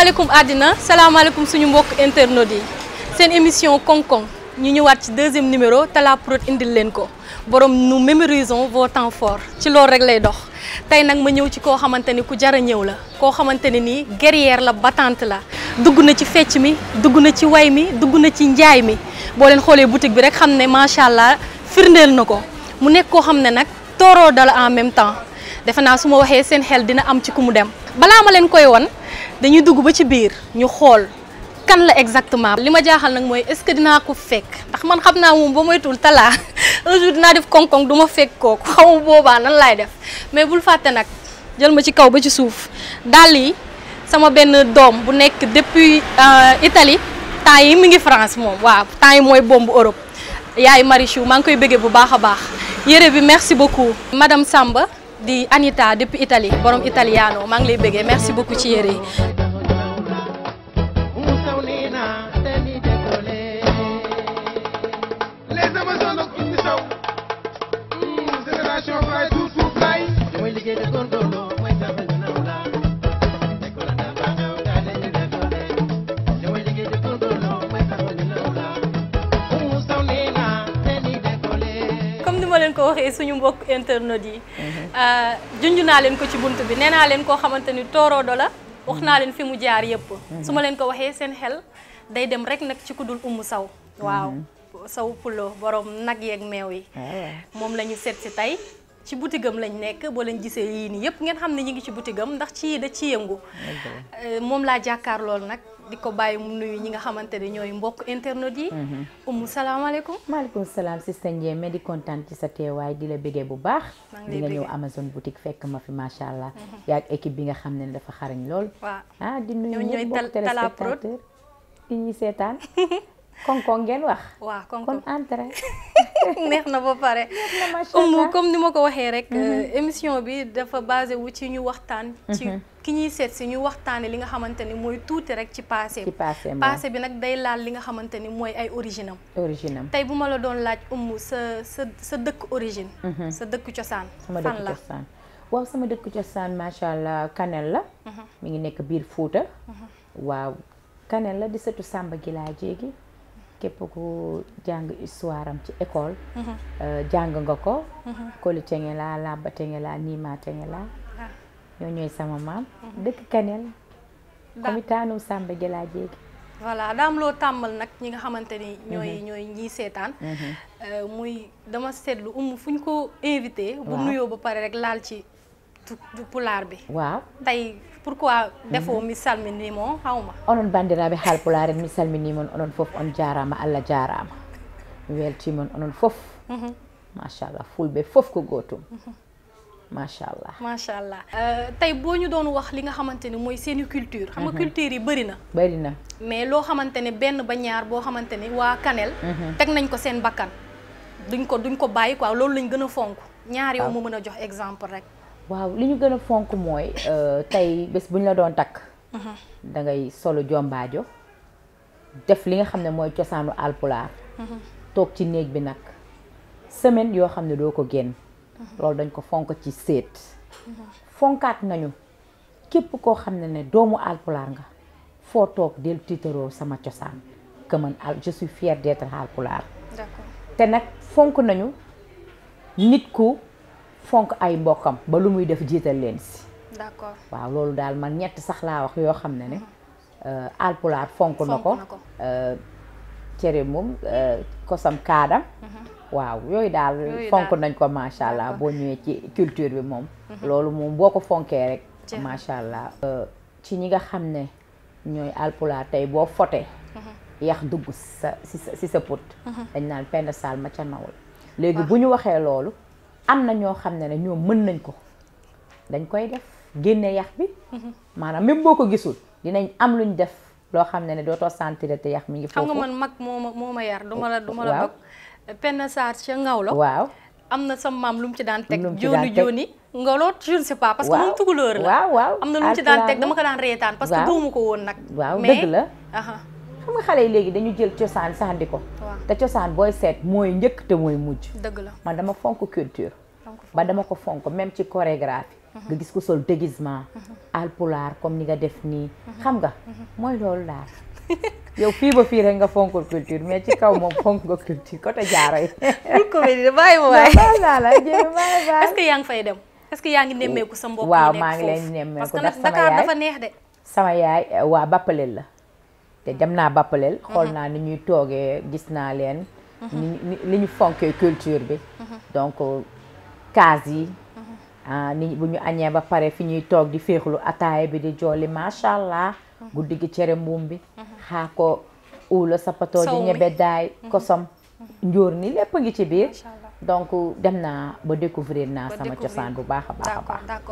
salaamaaleykum àddina salaamaaleykum suñu mbokk internautes yi seen émission Kong-Kong ñu ñëwaat ci deuxième numéro Talla Prod indil leen ko borom nous mémorisons vos temps forts ci loolu rek lay dox tey nag ma ñëw ci koo xamante ni ku jar ñëw la koo xamante ne nii guerrière la battante la dugg na ci fecc mi dugg na ci way mi dugg na ci njaay mi boo leen xoolee boutique bi rek xam ne macha allah firndeel na ko mu nekk koo xam ne nag tooroo dala en même temps defe naa su ma waxee seen xel dina am ci ku mu dem balaa ma leen koy won dañuy dugg ba ci biir ñu xool kan la exactement. li ma jaaxal nag mooy est-ce que dinaa ko fekk ndax man xam naa moom ba moytul talaa un dinaa def koŋ-koŋ du ma fekk kooku xaw boobaa nan laay def mais bul fàtte nag jël ma ci kaw ba ci suuf dàll yi sama benn doom bu nekk depuis euh, Italie temps yi mu ngi France moom waaw temps yi mooy bombu Europe yaay Marichou maa ngi koy bëggee bu baax a baax yére bi merci beaucoup. madame sàmba di Anita depuis Italia, borom italiano maa ngi lay merci beaucoup ci yére yi ko waxee suñu mbokk internet yi. Euh, junj naa leen ko ci bunt bi nee naa leen koo xamante ni tooroodo la. wax naa leen fi mu jaar yëpp. su ma leen ko waxee seen xel day dem rek nag ci kudul umu saw. waaw saw pulo borom nag yeeg meew yi. Ah moom lañu seet si tey. ci butigam lañ nekk boo leen gisee yii nii yëpp ngeen xam ne ñu ngi ci butigam ndax ci da ci yëngu euh, moom laa jàkkaar lool nag di ko bàyyi mu nuyu ñi nga xamante ne ñooy mbokk internet yi. Mhm. umu salaamaaleykum. maaleykum salaam si sa njéeme di kontaan ci sa teewaay di la bëggee bu baax. di nga ñëw Amazon boutique fekk ma fi macha allah. Mhm. yaa ak équipe bi nga xam ne dafa xarañ lool. waaw ah di nuyu ñëpp mbokk téléspectateur di ñuy seetaan. konko ngeen wax. waaw koŋ kon entrée. neex na ba pare. neex comme ni ma ko waxee rek. Mhm. Euh, émission bi dafa basé wu ci ñu waxtaan. Mhm. ci ki ñuy seet si ñu waxtaanee li nga xamante ni mooy tuuti rek ci passé. ci passé bi nag day laal li nga xamante ni mooy ay originam originam tey bu ma la doon laaj umu sa sa sa dëkk origine. Mhm. sa dëkk cosaan. fan la sama waaw sama dëkk cosaan macha allah Kanel la. mi ngi nekk biir Fuuta. waaw Kanel la di sàmba Samba Gila Jéegi. képp ku jàng histoire am ci école. Mhm. Euh, jàng nga ko. Mhm. Koli Tengela Laba Tengela Nima Tengela. Ah. ñoo ñooy sama maam. Mhm. dëkk Kanel. komitaanu Samba Jëlaa Jéegi. voilà daam loo tàmbal nag ñi nga xamante ni. ñooy ñooy ñiy seetaan. Euh, muy dama seetlu umu fu ñu ko invité. bu nuyoo ba pare rek laal ci pulaar bi. waaw pourquoi defo mhm. mi salminimo hawma onon bandiraɓe haalpulaar en mi salminimon onon fof on jarama allah jarama mi weltimon onon fof mhm. machallah fulɓe fof ko gotum macha mhm. allah macha allah euh, tey boo ñu doon wax li nga xamante ne mooy seeni culture xam nga culture yi bëri na bëri na mais loo xamante ne benn ba ñaar boo xamante ne waa Kanel teg nañ ko seen bakkan duñ ko duñ ko bàyyi quoi loolu lañ gën a fonk ñaar yow ah. mu mën a jox exemple rek waaw li ñu gën fonk mooy euh, tey bés bu ñu la doon takk. Uh-huh. da ngay solo jombaajo def li nga xam ne mooy cosaanu alpulaar. Uh-huh. toog ci néeg bi nag semaine yoo xam ne doo ko génn. Uh-huh. loolu dañ ko fonk ci séet. fonkaat nañu képp koo xam ne ne doomu alpulaar nga foo toog del tiitaroo sama cosaan que man al ah, je suis fière alpulaar. te nag fonk nañu nit ku. fonk ay mbokkam ba lu muy def jiital leen si. d'accord waaw loolu daal man ñett sax laa wax yoo xam ne ne. Mhm. Euh, alpulaar fonk na ko. Euh, cere moom euh, kosam kaadam. Mhm. waaw yooyu daal fonk nañ ko macha allah boo ñëwee ci culture bi moom. Mhm. loolu moom boo ko fonkee rek. macha allah. ci ñi nga xam ne ñooy alpulaar tey boo fote yax dugg sa si sa si sa put. dañ naan penn saal ma ca nawal léegi bu ñu waxee loolu. am na ñoo xam ne ne ñoom mën nañ ko dañ koy def génne yax bi maanaam même boo ko gisul dinañ am luñ def loo xam ne ne dootoo sentir te yax mi ngi foofu xam nga man mag mooma moo ma yar duma la duma la dog penn saar ca ngaw la waaw am na sama maam lu mu ci daan teg jooni jooni ngoloot je ne sais pas parce que moom tukulóor la waaw waaw am na lu mu ci daan teg dama ko daan reetaan parce que doomu ko woon nag waaw dëgg la xam nga xale yi léegi dañu jël cosaan di ko. te cosaan booy seet mooy njëkk te mooy mujj. dëgg la man dama fonk culture. ba dama ko fonk même ci chorégraphie. Mhm. nga gis ko sol déguisement. Mhm. alpulaar comme ni nga def nii. Mhm. xam nga mooy loolu daal. yow fii ba fii rek nga fonkul culture mais ci kaw moom fonk nga culture côté jaaro yi. bul comédie bàyyi ma waay la est-ce que yaa ngi fay dem. est que yaa ngi nemmeeku sa mbokk yi foofu waaw maa ngi leen nemmeeku ndax sama neex de. sama yaay eh, waa Bappalel la. te dem naa Bappaleel. Mhm. xool naa ni ñuy toogee gis naa leen. Mhm. ni ñu fonkee culture bi. Mhm. donc kaas yi. Ah, ni bu ñu añee ba pare fi ñuy toog di féexlu ataaya bi di jooli macha allah. guddi gi cere mbuum bi. xaa ko uula sapato di ñebe daay kosom. njóor ni lépp ngi ci biir. donc dem naa ba découvrir naa sama cosaan bu baax a baax a baax.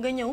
ñëw.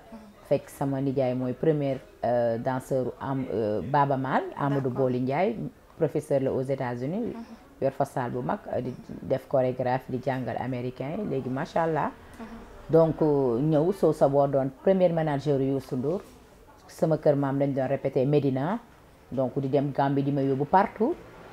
fekk sama nijaay mooy première euh, danseur am euh, Baba Maal Amadou Boli Ndiaye professeur là aux États-Unis mhm. yor fa salle bu mag di def chorégraphe di jàngal américain yi léegi macha mhm. donc euh, ñëw soo sa boo doon premier manager Youssou Ndour sama kër maam lañ doon répété Medina donc di dem Gambie di ma yóbbu partout.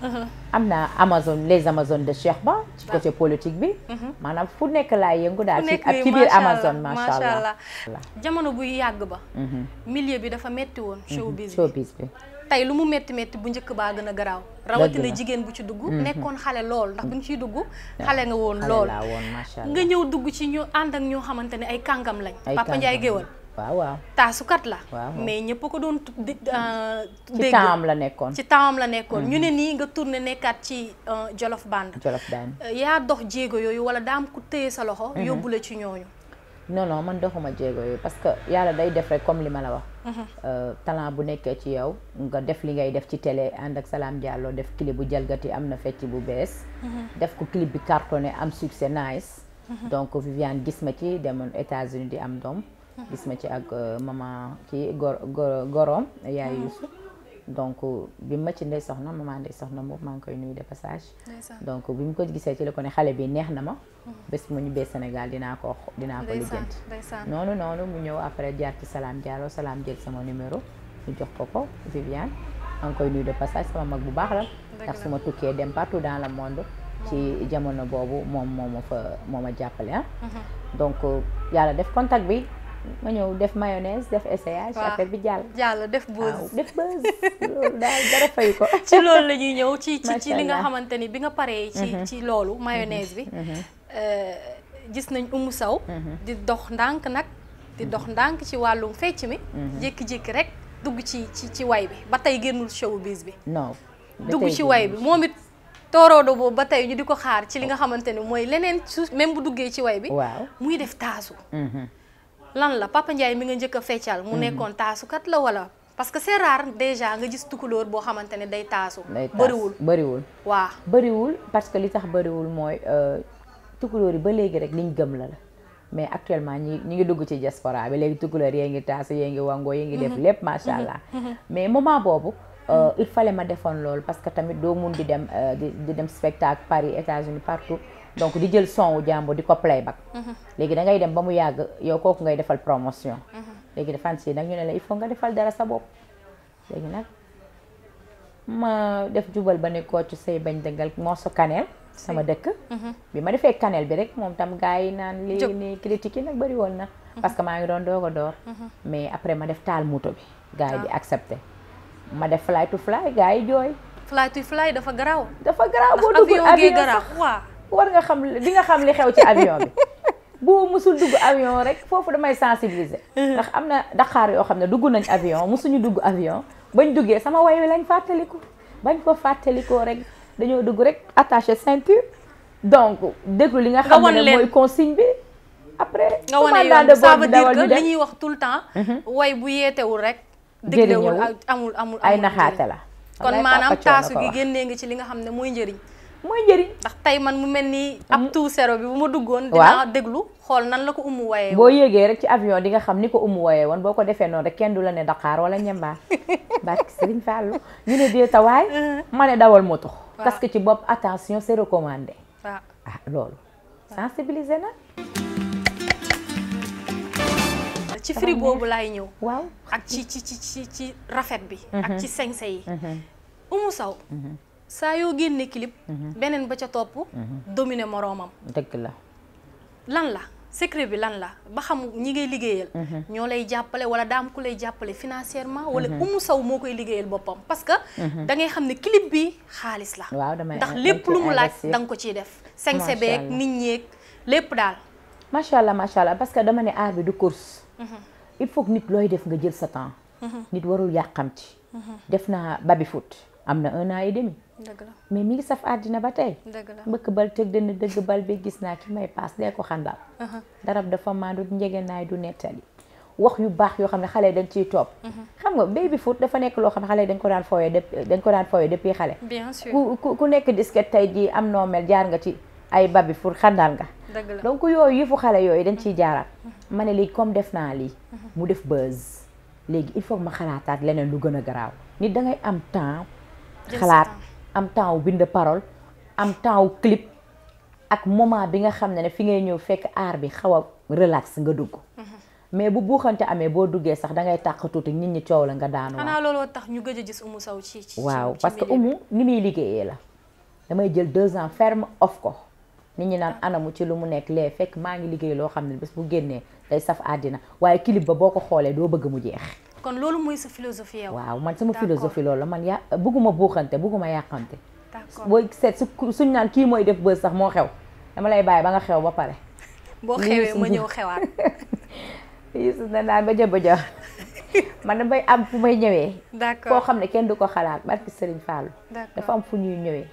Uh-huh. am na Amazon les Amazones de Cheikh Ba ci côté politique bi. Uh-huh. maanaam fu nekk laa yëngu daal ci ak ci biir Amazon macha allah. jamono buy yàgg ba. Mm-hmm. millier bi dafa metti woon. Mm-hmm. showbiz bi bi. tey lu mu metti metti bu njëkk baa gën a garaaw. rawatina jigéen bu ci dugg. Mm-hmm. nekkoon xale lool ndax bu ñu ciy dugg. xale nga woon lool nga ñëw dugg ci ñu ànd ak ñoo xamante ne ay kàngam lañ. Papa Ndiaye Géwal waaw waaw taasukat la. mais ñëpp ko doon dégg. ci temps la nekkoon ci temps la nekkoon. ñu ne nii nga tourné nekkaat ci Jolof Band. Jolof Band yaa dox jéego yooyu wala daam ku téye sa loxo. yóbbu la ci ñooñu. non non man doxuma jéego yooyu parce que yàlla day def comme li ma la wax. talent bu nekkee ci yow nga def li ngay def ci télé ànd ak Salam Diallo def clip bu jalgati am na fecc bu bees. Mhm. def ko clip bi cartonné am succès nice. Mhm. donc Viviane gis ci demoon am doom. gis ma ci ak euh, maman kii gor goroom yaay mm. Youssouf donc bi ma ci ndey soxna maman ndey soxna moom maa ngi koy nuyu de passage donc bi mu ko gisee ci la ko ne xale bi neex na ma mm. bés bu ñu ñibbee Sénégal dinaa ko dinaa ko lijjanti noonu noonu mu ñëw après jaar ci Salam Diallo Salam jël sama numéro ñu jox ko ko Viviane maa ngi koy nuyu de passage sama mag bu baax la ndax su ma tukkee dem partout dans le monde ci mm. jamono boobu moom moo ma fa moo ma jàppale ah. mm-hmm. euh, ma ñëw def mayonnaise def essayage. affaire bi jàll. jàll def buzz def buzz loolu daal dara fay ko. ci loolu la ñuy ñëw ci ci li nga xamante ni bi nga paree. ci mm-hmm. loolu mm-hmm. mayonnaise bi. Mm-hmm. Euh, gis nañ Oumou Sow. di dox ndànk nag. di dox ndànk ci wàllum fecc mi. jékki-jékki rek dugg ci ci ci way bi ba tey génnul showbiz bi. non dugg ci way bi moom it tooroodo boobu ba tey ñu di ko xaar ci li nga oh. xamante ni mooy leneen su même bu duggee ci way bi. waaw muy def taasu. lan la Papa Ndiaye mi nga njëkk a feccal mu hmm. nekkoon taasukat la wala parce que c'est rare déjà nga gis tukulóor boo xamante ne day taasu bëriwul bëriwul waaw bëriwul parce que li tax bëriwul mooy euh, tukulóor yi ba léegi rek liñ gëm la la mais actuellement ñi ñi ngi dugg ci diaspora bi léegi tukulóor yee ngi taasu yee ngi wangoo yee ngi def mhm. lépp macha mhm. allah mhm. mais moment boobu euh, il fallait ma defoon loolu parce que tamit doo mun di dem euh, di dem spectacle donc di jël son wu jàmbur di ko playback mhm. léegi da ngay dem ba mu yàgg yow kooku ngay defal promotion mhm. léegi defaan si nag ñu ne la il faut nga defal dara sa bopp léegi nag ma def jubal ba ne koo ci say bañ dëngal moosu kaneel sama dëkk mhm. bi ma defee kaneel bi rek moom tam gars yi naan léegi nii critique yi nag bëri woon na parce que maa ngi doon doog a door mais après ma def taal moto bi gars yi di ah. ma def fly to fly gars yi jooy fly to fly dafa war nga xam li nga xam li xew ci avion bi bu musul dugg avion rek foofu damay sensibiliser. ndax am na daqaar yoo xam ne dugg nañ avion musuñu dugg avion bañ duggee sama way lañ fàttaliku bañ ko fàttalikoo rek dañoo dugg rek attache ceinture donc déglu li nga xam ne mooy consigne bi après nga wane yoon ça veut dire que li ñuy wax tout le temps mhm. woy bu yeetewul rek déglewul amul amul ay naxaate la kon maanaam taasu gi génnee ngi ci li nga xam ne mooy njëriñ mooy njëriñ ndax tey man mu mel ni ab mm. tout sero bi bu ma duggoon dinaa déglu xool nan la ko umu wayee boo yéegee rek ci avion di nga xam ni ko umu wayee woon boo ko defee noonu rek kenn du la ne Dakar wala ñembaar barki Serigne Fallou ñu ne dee tawaay uh-huh. ma ne dawal moto parce que ci bopp attention c'est recommandé ah loolu sensibiliser na ci firi boobu laay ñëw waaw ak ci ci ci ci rafet bi mm-hmm. ak ci sañse yi mm-hmm. umu saw mm-hmm. saa yoo génne clip. Mhm. beneen ba ca topp. Mhm. dominer moroomam. dëgg la. lan la secret bi lan la ba xam ñi ngay liggéeyal. Mhm. ñoo lay jàppale wala daam ku lay jàppale financièrement. wala umu saw moo koy liggéeyal boppam parce que. dangay xam ne clip bi xaalis la. waaw damay ndax lépp lu mu laaj da nga ko ciy def. macha allah nit ñeeg lépp daal. macha allah macha allah parce que dama ne aar bi du course. il faut nit looy def nga jël sa temps. nit warul yàqamti. def naa baby foot. am na un an mais mi ngi saf àddina ba tey. dëgg la mbëkk bal teg dana dëgg bal bi gis naa ki may paas dee ko xandal. Uh-huh. darab dafa maandu njëgënaay du nettali. wax yu baax yoo xam ne xale dañ ciy topp. Uh-huh. xam nga baby foot dafa nekk loo xam ne xale dañ ko daan fooyee depuis dañ ko daan fooyee depuis xale. bien sûr ku ku nekk disket tey jii am noo mel jaar nga ci ay babi foot xandal nga. dëgg la donc yooyu yëfu xale yooyu dañ ciy uh-huh. jaaraat. ma ne léegi comme def naa lii. mu def buzz léegi il faut ma xalaataat leneen lu gën a garaaw nit da xalaat am temps bind parole am temps clip ak moment bi nga xam ne ne fi ngay ñëw fekk aar bi xaw a relax nga dugg mhm. mais bu buuxante amee boo duggee sax da ngay tàq tuuti nit ñi coow la nga daanu xanaa looloo tax ñu gëj a gis Oumou Sow waaw parce que Oumou ni muy liggéeyee la damay jël deux ans ferme of ko nit ñi naan anamu ci lu mu nekk lee fekk maa ngi liggéey loo xam ne bés bu génnee day saf àddina waaye clip ba boo ko xoolee doo bëgg mu jeex kon loolu mooy sa philosophie yow. waaw man sama philosophie loolu la man ya bëgguma buuxante bëgguma yàqante. d'accord booy seet su suñ naan kii mooy def bës sax moo xew dama lay bàyyi ba nga xew ba pare. boo xewee ma ñëw xewaat. Youssou na naan ba jëm ba jëm man damay am fu may ñëwee. d'accord koo xam ne kenn du ko xalaat barki Serigne Fallou. dafa am fu ñuy ñëwee.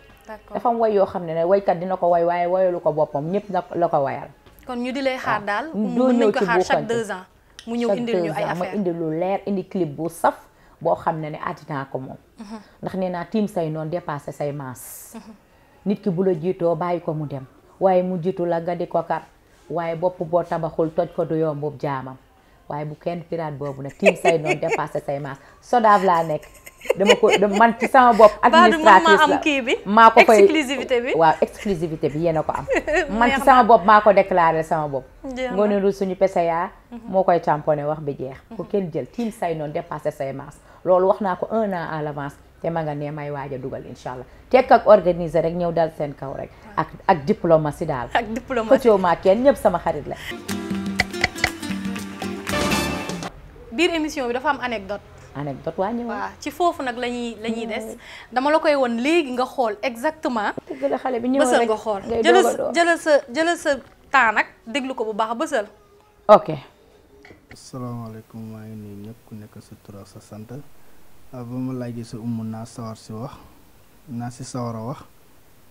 dafa am way yoo xam ne ne waykat dina ko way waaye wayalu ko boppam ñëpp la ko wayal. kon ñu di lay xaar daal. doo ñëw ci buuxante mën nañ ko xaar chaque deux ans. mu ñëw indil ñu ay affaire ma indi lu leer indi clip bu saf boo xam ne ne àddinaa ko moom mhm. ndax nee naa tiim say noon dépassé say maas mhm. nit ki bu la jiitoo bàyyi ko mu dem waaye mu jiitu la nga di ko kar waaye bopp boo tabaxul toj ko du yombu jaamam waaye bu kenn pirate boobu nag tiim say noonu dépassé say maas sodaaf laa nekk dama ko man ci sama bopp. administratrice la kii bi. maa ko koy exclusivité bi. waaw exclusivité bi yéen a ko am. man ci sama bopp maa ko déclaré sama bopp. ngoone ru suñu PCA. Mhm. moo koy tamponné wax bi jeex. ku mhm. kenn jël tiim say noonu dépassé say masse. loolu wax naa ko un an à l'avance te ma nga ne may waaja dugal incha allah tekk ak organiser rek ñëw dal seen kaw rek. ak ak diplomatie daal. ak diplomatie xëccoo maa kenn ñëpp sama xarit la. biir émission bi dafa am anecdote anecdote wàññiwoon. waaw ci foofu nag la ñuy la ñuy des dama la koy won léegi nga xool exactement. dëgg la xale bi ñëwoon rek nga xool jëlal sa jëlal sa jëlal sa temps nag déglu ko bu baax bësal. ok. asalaamaaleykum maa ngi nuyu ñëpp ku nekk sa tur ak sa sant ba ma laajee sa umu naa sawar si wax naa si sawar a wax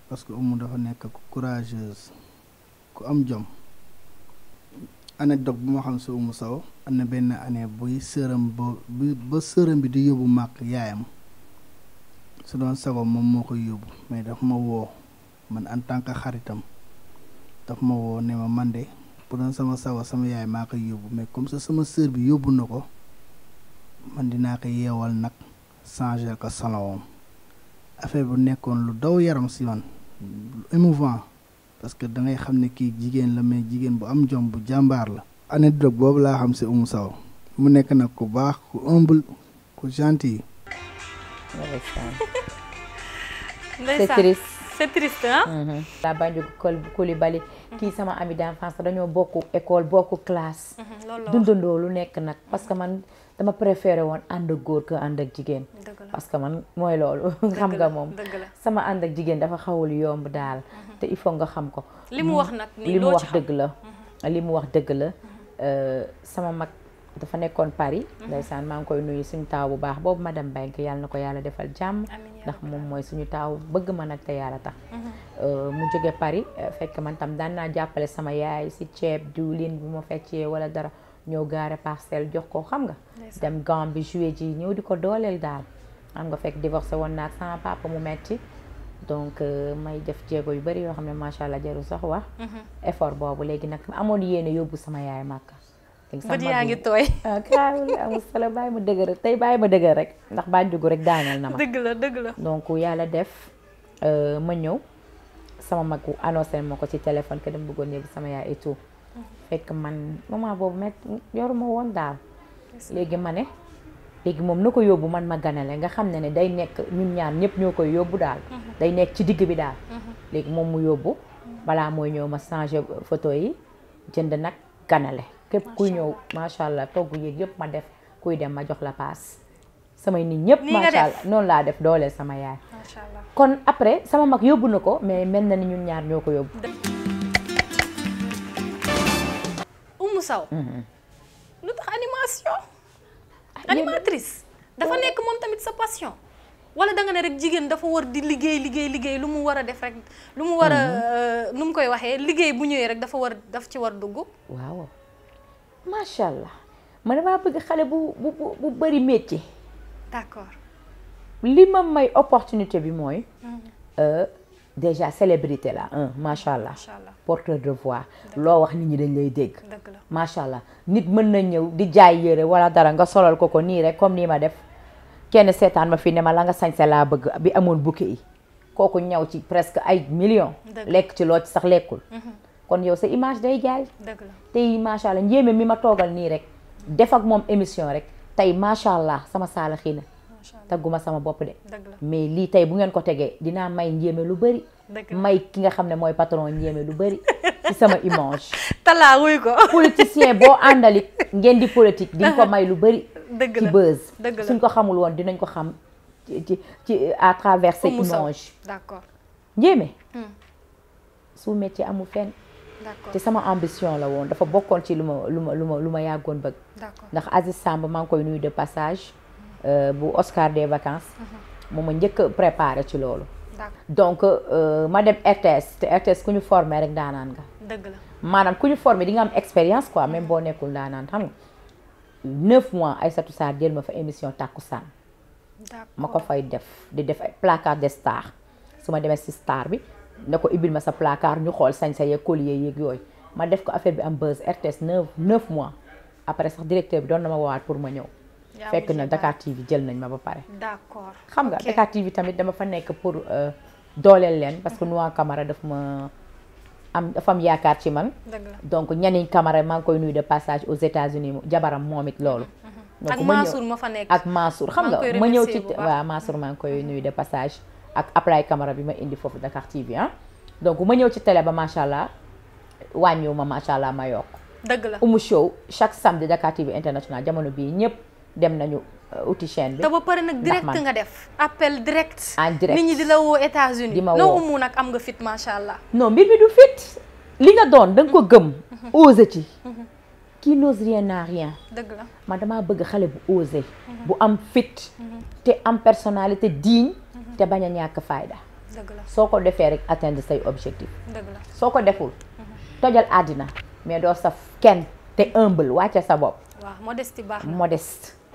parce que umu dafa nekk ku courageuse ku am jom anecdote bu ma xam si umu saw. am na benn année buy sëram ba ba sëram bi di yóbbu màq yaayam su doon sago moom moo koy yóbbu mais daf ma woo man en tant que xaritam daf ma woo ne ma man de pour doon sama sago sama yaay maa yóbbu mais comme ça sama sër bi yóbbu na ko man dinaa ko yeewal nag changer ko salon affaire bu nekkoon lu daw yaram si man émouvant parce que da xam ne kii jigéen la mais jigéen bu am jom bu jàmbaar la anecdote boobu laa xam si Oumou Sow mu nekk nag ku baax ku humble ku gentil. c'est triste c'est triste bali mhm. la Banjul Coulibaly mhm. kii sama ami d'enfance dañoo bokku école bokku classe. Mhm, dundandoo lu nekk nag parce que man dama préféré woon ànd ak góor que ànd ak jigéen. parce que man mooy loolu. xam nga moom sama ànd ak jigéen dafa xawul yomb daal. te il faut nga xam ko. li mu wax nag li mu wax dëgg la. li mu wax dëgg la. Euh, sama mag dafa nekkoon Paris. Mhm. ndeysaan maa ngi koy nuyu suñu taaw bu baax boobu dem Bank yàlla na ko yàlla defal jàmm. ndax moom mooy suñu taaw bëgg ma nag te yàlla tax. Mhm. Euh, mu jóge Paris euh, fekk man tam daan naa jàppale sama yaay si ceeb diwlin bu ma feccee wala dara ñëw gaare parcelle jox ko xam nga. dem Gambie bi joué ji ñëw di ko dooleel daal. xam nga fekk divorcé woon naa sama papa mu metti donc euh, may def jéego yu bari yoo xam ne macha allah jarul sax wax. Mhm. effort boobu léegi nag amoon yéene yóbbu sama yaay màkka. bët yaa ngi tooy. ah kaawul amul solo bàyyi ma dëgër tey bàyyi ma dëgër rek ndax baa rek daaneel na ma. dëgg la dëgg la. donc yàlla def euh, ma ñëw sama mag annoncé ma ko ci téléphone que dama bëggoon yóbbu sama yaay et tout. Mhm. fekk man moment boobu met yoruma woon daal. léegi ma ne. léegi moom na ko yóbbu man ma ganale nga xam ne ne day nekk ñun ñaar ñëpp ñoo koy yóbbu daal mhm. day nekk ci digg bi daal mhm. léegi moom mu yóbbu mhm. balaa mooy ñëw ma changé photo yi jënd nag ganale képp kuy ñëw macha allah togg yéeg ma def kuy dem ma jox la paas samay nit ñëpp macha allah noonu laa def dooleel sama yaay kon après sama mag yóbbu na ko mais mel na ni ñun ñaar ñoo ko yóbbu Oumou Sow animatrice dafa nekk moom tamit sa passion wala da nga ne rek jigéen dafa war di liggéey liggéey liggéey lu mu war a def rek lu mu war a mhm. euh, nu mu koy waxee liggéey bu ñëwee rek dafa war daf ci war dugg waaw macha allah ma damaa bëgg xale bu bu bu bëri métier d'accord li ma may opportunité bi mooy mhm. euh, déjà célébrité là, hein machallah porteur de voix lo wax nit ñi dañ lay dégg machallah nit mën na ñëw di jaay yéré wala dara comme ni ma def kenn ma ne ma la nga la bëgg bi nous bouquet yi koku presque ay millions Lek ci lo ci sax mhm. kon image day jaay tey mi ma ni def ak émission rek sama taguma sama bop de mais li tay bu ngeen ko dina may lu bëri may ki nga xamné ne patron lu bëri ci sama image tala wuy ko politicien bo andali ngeen di politique di ko may lu ci buzz suñ ko xamul woon dinañ ko xam à travers cette image d'accord njéeme hmm. su métier D'accord. fenn sama ambition la woon dafa ci luma luma luma ndax Aziz de passage Euh, bu Oscar des vacances. mu mhm. ma njëkk préparé ci loolu. donc euh, ma dem RTS te RTS ku ñu formé rek daanaan nga. dëgg maanaam ku ñu formé di nga am expérience quoi même mhm. boo nekkul daanaan xam nga neuf mois Aïssatou Sarr jël ma fa émission Takusaan. ma ko fay def di def ay placard des stars su ma demee si star bi na ko ibil ma sa placard ñu xool sañ sa yeeg collier yeeg yooyu ma def ko affaire bi am buzz RTS neuf neuf mois après sax directeur bi doon na ma woowaat pour ma ñëw. fekk na Dakar TV jël nañ ma ba pare. d'accord xam nga Dakar TV tamit dama fa nekk pour euh, dooleel leen parce que mhm. Noa Camara daf ma am dafa am yaakaar ci man. donc ñaniñ Camara maa ngi koy nuyu de passage aux États-Unis jabaram moom it loolu. Mhm. Mhm. ak Mansour ma fa nekk ak Mansour xam nga ma ñëw ci waaw maa ngi koy nuyu de passage ak bi ma indi foofu Dakar TV ah. donc ma ñëw ci télé ba macha allah wàññiwu ma macha allah ma yokk. dëgg la Oumou Show chaque samedi Dakar TV international jamono bii ñëpp. dem nañu euh, uti chaîne bi. te ba pare nag direct nga def. appel direct. en direct nit ñi di la woo États-Unis di woo noo nag am nga fit macha allah. non mbir mi du fit li nga doon da nga ko mm-hmm. gëm. Mm-hmm. ose ci. Mm-hmm. qui n'ose rien n'a rien. dëgg la man damaa bëgg xale bu osé. bu am fit. te am personnalité digne. te bañ a ñàkk fayda. dëgg soo ko defee rek atteindre say objectif. dëgg la soo ko deful. tojal àddina mais doo sa kenn te humble wàcce sa bopp. modeste.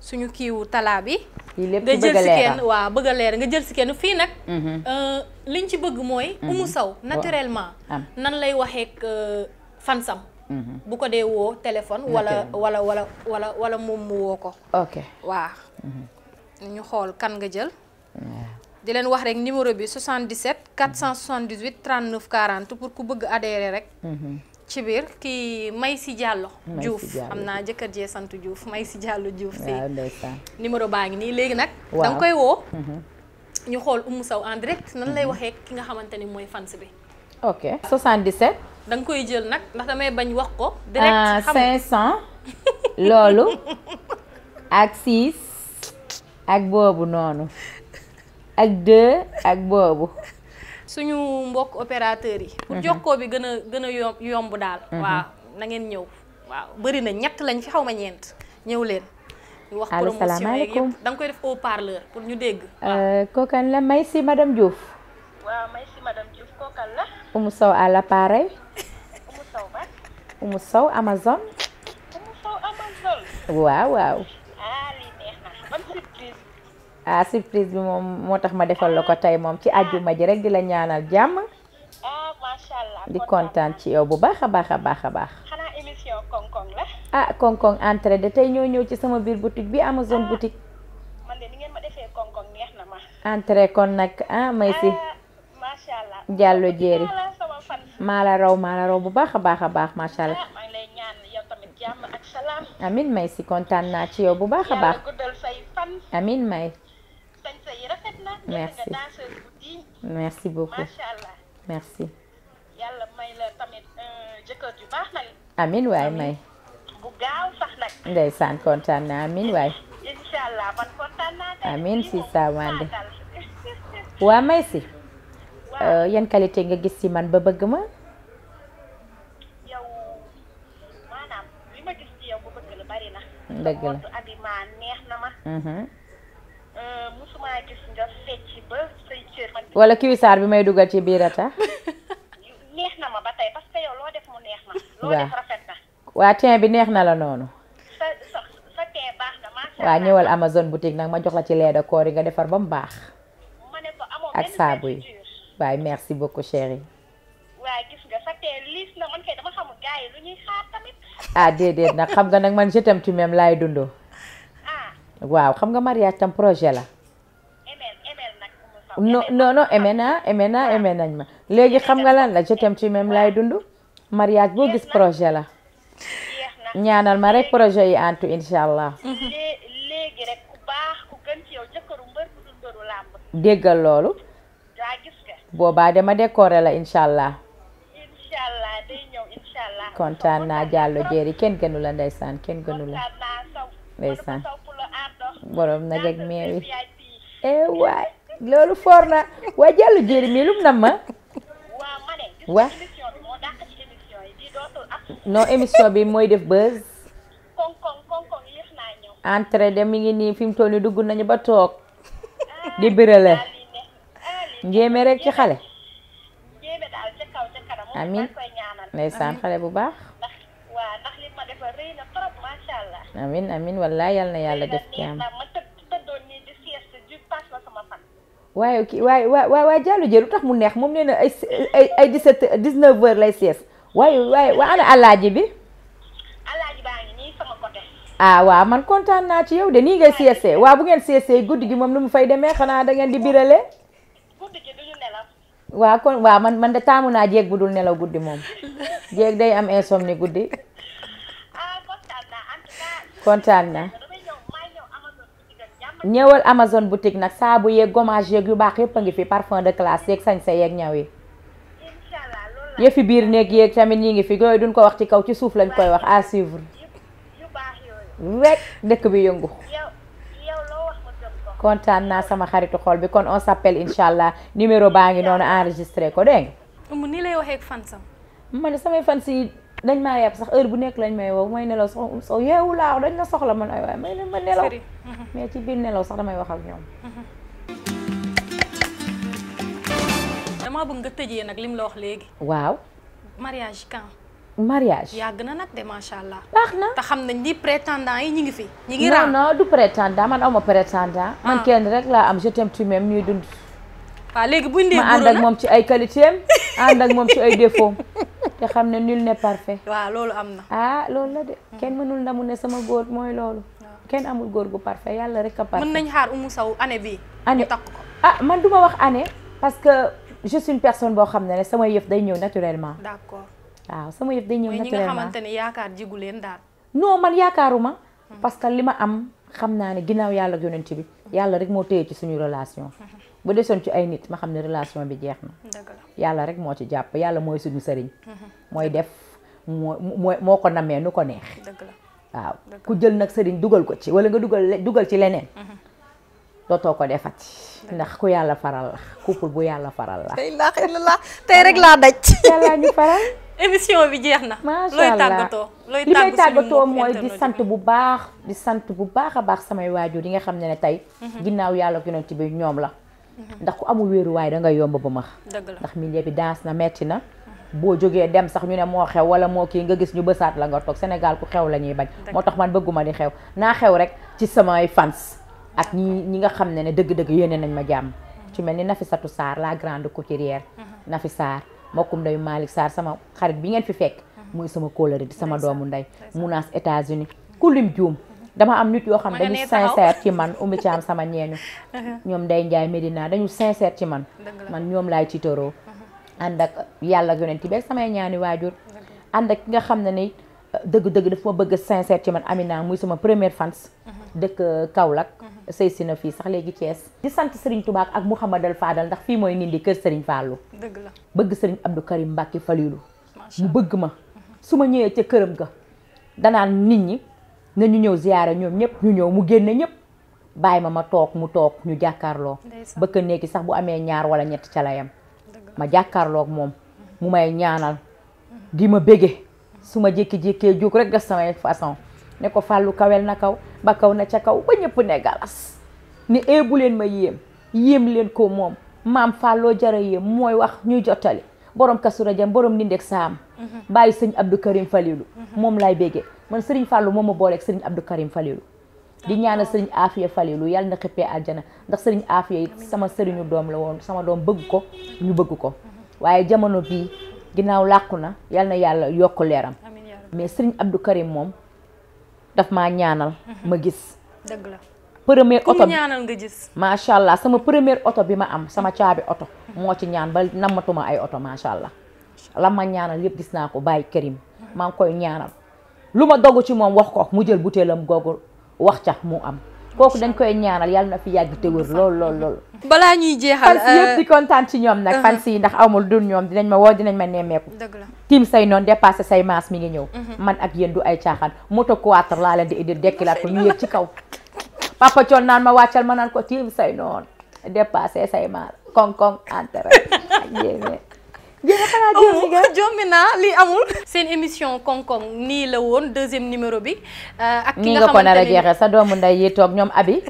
suñu kiiwu talaa bi. nga jël si kenn waa bëgg a leer nga jël si kenn fii nag. Mhm. Euh, liñ ci bëgg mooy. Mhm. umu saw naturellement. nan lay waxeek euh, fansam. Mhm. bu ko dee woo téléphone. wala wala wala wala wala moom mu woo ko. waa waaw. ñu xool kan nga jël. di leen wax rek numéro bi 77 478 39 40 pour ku bëgg adhérer rek. ci biir kii may si Diallo. Diouf am naa jëkkër jee sant may si Diallo Diouf. si numéro baa ngi nii léegi nag. waaw koy woo. Mhm. ñu xool Oumou Sow en direct nan lay mhm. waxee ki nga xamante ni mooy fans bi. ok 77. da nga koy jël nag ndax damay bañ wax ko. Ah, direct xam loolu ak 6 ak boobu noonu ak 2 ak boobu. suñu mbokk opérateur yi. pour mhm. jokkoo bi gën a gën a yomb yomb daal. Mhm. waaw na ngeen ñëw. waaw bëri na ñett lañ fi xaw ma ñeent ñëw leen. wax promotion koy def au pour ñu dégg. Euh, kookan la may si madame Diouf. waaw may si madame Diouf kookan la. Oumou Sow à l'appareil. Oumou Sow ba. Oumou Sow Amazon. Oumou Sow Amazon. waaw waaw. ah surprise bi moom moo tax ma defal la ko tey moom ci àjjuma ji rek di la ñaanal jàmm. Ah, di kontaan ci yow bu baax a baax a baax a baax. ah koŋ-koŋ de tey ñoo ñëw ci sama biir bi Amazon ah, boutique. man de ni kon nag ah may jàllo ah, jéeri. maa raw maa bu baax baax a baax macha allah. amin may si kontaan naa ci yow bu baax a baax. yàlla guddal amin may. merci merci beaucoup merci. yàlla euh, waay may. bu gaaw sax nag. waay. incha si saa wande. waa may si. Euh, yan qualité nga gis ci man ba bëgg ma. wala ci ba bi may dugal ci birata neexna ma batay parce que yow lo def mu neexna lo def rafet wa tien bi neexna la nonu sa sa sa teen baax na macha Amazon boutique nak ma jox la ci leeda koor yi nga defar ba mu mané ko amo ak sa bu bay merci beaucoup chérie. wa gis nga sa teen liis na man kay dama xamul gaay lu ñuy xaar tamit. ah dede nak xam nga nak man je t'aime tu lay dundo ah waaw xam nga mariage tam projet la no no non emena emena ah. emenañ ma léegi xam nga lan la je ci même lay dundu mariage bo gis projet la ñaanal ma rek projet yi antu inshallah allah rek ku baax ku gën ci yow jëkëru mbeur bu dul mbëru lamb déggal loolu da gis ka boba dama décoré la inshallah inshallah day ñëw inshallah allah na naa jàllo jéeri gënu la ndaysan kenn gënu la ndaysan borom nag ak mewi eh way loolu foor na waa jàllu jéeri mi lum nam ma waa non émission bi mooy def buzz entrée de mi ngi nii fim mu toll nii dugg nañu ba toog ah, di birale njéeme ah, rek ci xale amin ndeysaan xale bu baax amin amin wallaay yal na yàlla def ci waaye kii waaye waa waa waaye Diallo tax mu neex moom nee na ay ay ay dix sept lay sees waaye waaye waa ana alaaji bi. alaaji baa ah waaw man kontaan naa ci yow de nii ngay seesee waaw bu ngeen seesee guddi gi moom lu mu fay demee xanaa da ngeen di birale. guddi waaw kon waaw man man de taamu naa jéeg bu dul nelaw guddi moom jéeg day am insomnie guddi. Ah, kontaan naa. ñëwal Amazon boutique nag saabu yeeg gommage yeeg yu baax yëpp a ngi fi parfum de classe yeeg sañse yeeg ñaw yi yëfi biir néeg yeeg tamit ñi ngi fi yooyu duñ ko wax ci kaw ci suuf lañ koy wax à suivre rek dëkk bi yëngu kontaan naa sama xaritu xool bi kon on sappel incha allah numéro baa ngi noonu enregistré ko dégg nga. mu ni samay fans yi dañ maa yàpp sax heure bu nekk lañ may woo may nelaw sax soo yeewu laaw dañ la soxla man ay waaye may leen ma nelaw mais ci biir nelaw sax damay wax ak ñoom damaa bëgg nga tëjee nag lim la wax léegi waaw mariage quand mariage yàgg na nag de macha allah. baax na te xam nañ ni prétendant yi ñu ngi fi. ñu ngi raam du prétendant ma aw ma prétendant. man ah. kenn rek laa am je t'aime tu m'aimes ñuy dund. waaw ah, léegi bu ñu dee ma ànd ak moom ci ay qualité am ànd ak moom ci ay défaut te xam ne nul n'est parfait. waaw loolu am na. ah loolu la de mm. kenn mënul ndamu ne sama góor mooy loolu. kenn amul góor gu parfait yàlla rek a parfait. mën nañ xaar Oumou saw année bii. année takk ah man duma wax année parce que je une personne boo xam ne ne sama yëf day ñëw naturellement. d'accord waaw sama yëf day ñëw naturellement ñi nga xamante ne yaakaar jigu leen daal. non man yaakaaruma. Mm. parce que li ma am xam naa ne ginnaaw yàlla ak yonent bi. Mm. yàlla rek moo téye ci suñu relation. Mm-hmm. bu desoon ci ay nit ma xam ne relation bi jeex na yàlla rek moo ci jàpp yàlla mooy suñu sëriñ mhm. mooy def moo ko namee nu ko neex waaw ku jël nag sëriñ dugal ko ci wala nga dugal dugal ci leneen mhm. dootoo ko defati ndax ku yàlla faral la couple bu yàlla faral la tey rek laa daj yàlla ñu faral émission bi jeex na looy tàggatoo looy li may tàggatoo mooy di sant bu baax di sant bu baax a baax samay waajur yi nga xam ne ne tey mhm. ginnaaw yàlla ci bi ñoom la Mhm. ndax ku amul wéeruwaay da nga yomb ba max ndax milieu bi danse na metti na boo jógee dem sax ñu ne moo xew wala moo kii nga gis ñu bësaat la nga toog Sénégal ku xew la ñuy bañ moo tax man bëgguma di xew naa xew rek ci samay fans ak ñi ñi nga xam ne ne dëgg-dëgg yéene nañ ma jàmm mhm. ci mel ni Nafisatou Sarr la grande couturière mhm. Nafi Sarr mbokkum ndeyu Malick Sarr sama xarit bi ngeen fi fekk mooy sama kóolëre di sama doomu ndey munaas États-Unis ku dama am nit yo xam dañu sincère ci man ci am sama ñeñu ñom day ndjay Medina dañu sincère ci man man ñom lay ci ànd ak yàlla ak yonent bi ak samay ñaani waajur ànd ak ki nga xam ne ni uh, deug deug daf ma bëgg sincère ci man Amina muy sama première fans uh-huh. dekk uh, Kaolack uh-huh. sey sina fi sax legi ties di sante Serigne Touba ak al Fadal ndax fi moy nindi keur Serigne fallu deug la bëgg Serigne Abdou Karim Mbacke falilu mu bëgg ma uh-huh. suma ñëwé ci kërëm ga da naan nit ñi na ñu ñëw ziyaara ñoom ñëpp ñu ñëw mu génne ñëpp bàyyi ma ma toog mu toog ñu jàkkaarloo bëkk néegi sax bu amee ñaar wala ñett ca yam ma jàkkaarloog moom mu may ñaanal di ma bége su ma jékki-jékkee jóg rek def samay façon ne ko fàllu kawel na kaw ba kaw na ca kaw ba ñëpp ne galas ni ee bu leen ma yéem yéem leen ko moom maam fàlloo jara yéem mooy wax ñuy jottali borom kasura jam borom nindeeg saam mhm. bàyyi sëñ Abdou Karim Falilou mhm. moom lay bégg man Serigne Fallou moom ma booleeg Serigne Abdou Karim Falilou di ñaanal ah. Serigne Afia Falilou yàlla na xippee àjjana ndax Serigne Afia it sama Serigne doom la woon sama doom bëgg ko ñu bëgg ko waaye jamono bii ginnaaw làqu na yàlla na yàlla yokk leeram mais Serigne abdu Karim moom daf maa ñaanal mhm. ma gis. dëgg la premier oto bi nga gis. macha allah sama mhm. première oto bi ma am sama mhm. caabi oto. moo ci ñaan ba namatuma ay oto macha allah. la ma ñaanal yëpp gis naa ko bàyyi Karim maa koy ñaanal. lu ma doggu ci moom wax ko mu jël butéelam googu wax ca mu am kooku dañ koy ñaanal yàlla na fi yàgg te wér lool lool lool. balaa ñuy jeexal fans yëpp di euh, kontaan ci ñoom nag. Uh-huh. fans yi ndax amul du ñoom dinañ ma woo dinañ ma nemmeeku. dëgg la tiim say noon dépassé say maas mi ngi ñëw. Uh-huh. man ak yéen du ay caaxaan moto 4 laa leen di indil dekkilaat ko ñu ci kaw. papa Thion naan ma wàccal ma naan ko tiim say noonu dépassé say maas koŋ koŋ jommi naa li amul seen émission koŋ-koŋ nii la woon deuxième numéro bi euh, ak ki nga ko nar a jeexee sa doomu nday yi toog ñoom abi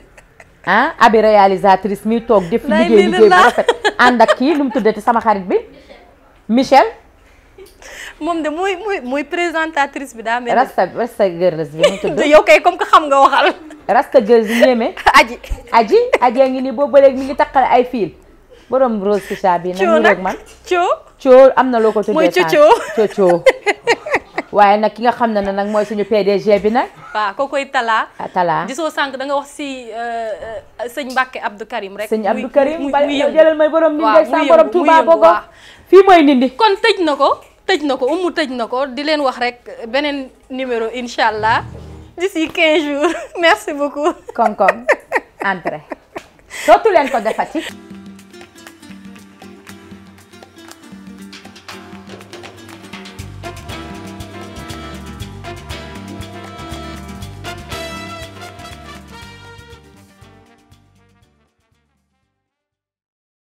ah abi réalisatrice mi toog def liggéey liggéey ànd ak kii lu mu tuddati sama xarit bi Michel moom de muy muy muy présentatrice bi daa mel. rasta rasta girls bi mu tudd. yow comme que xam nga waxal. rasta girls bi ñeme. aji aji aji a ngi nii boobu ba léegi ngi takkal ay fiil borom rose ficha bi. nag ñu rek man coo amna loko te ko tuddee mooy cocoo waye nak ki nga xamna nak moy suñu PDG bi nag. waaw kokoy tala ah, tala diso sank da nga wax si euh, euh, seigne Mbacke Abdou Karim rek. seigne Abdou Karim bal jëlal may borom nindi ak sa borom Touba Bogo fi moy nindi. kon tejj nako tejj nako umu tejj nako di len wax rek benen numéro inshallah d'ici 15 jours merci beaucoup. kon kon entrez sotu len ko defati.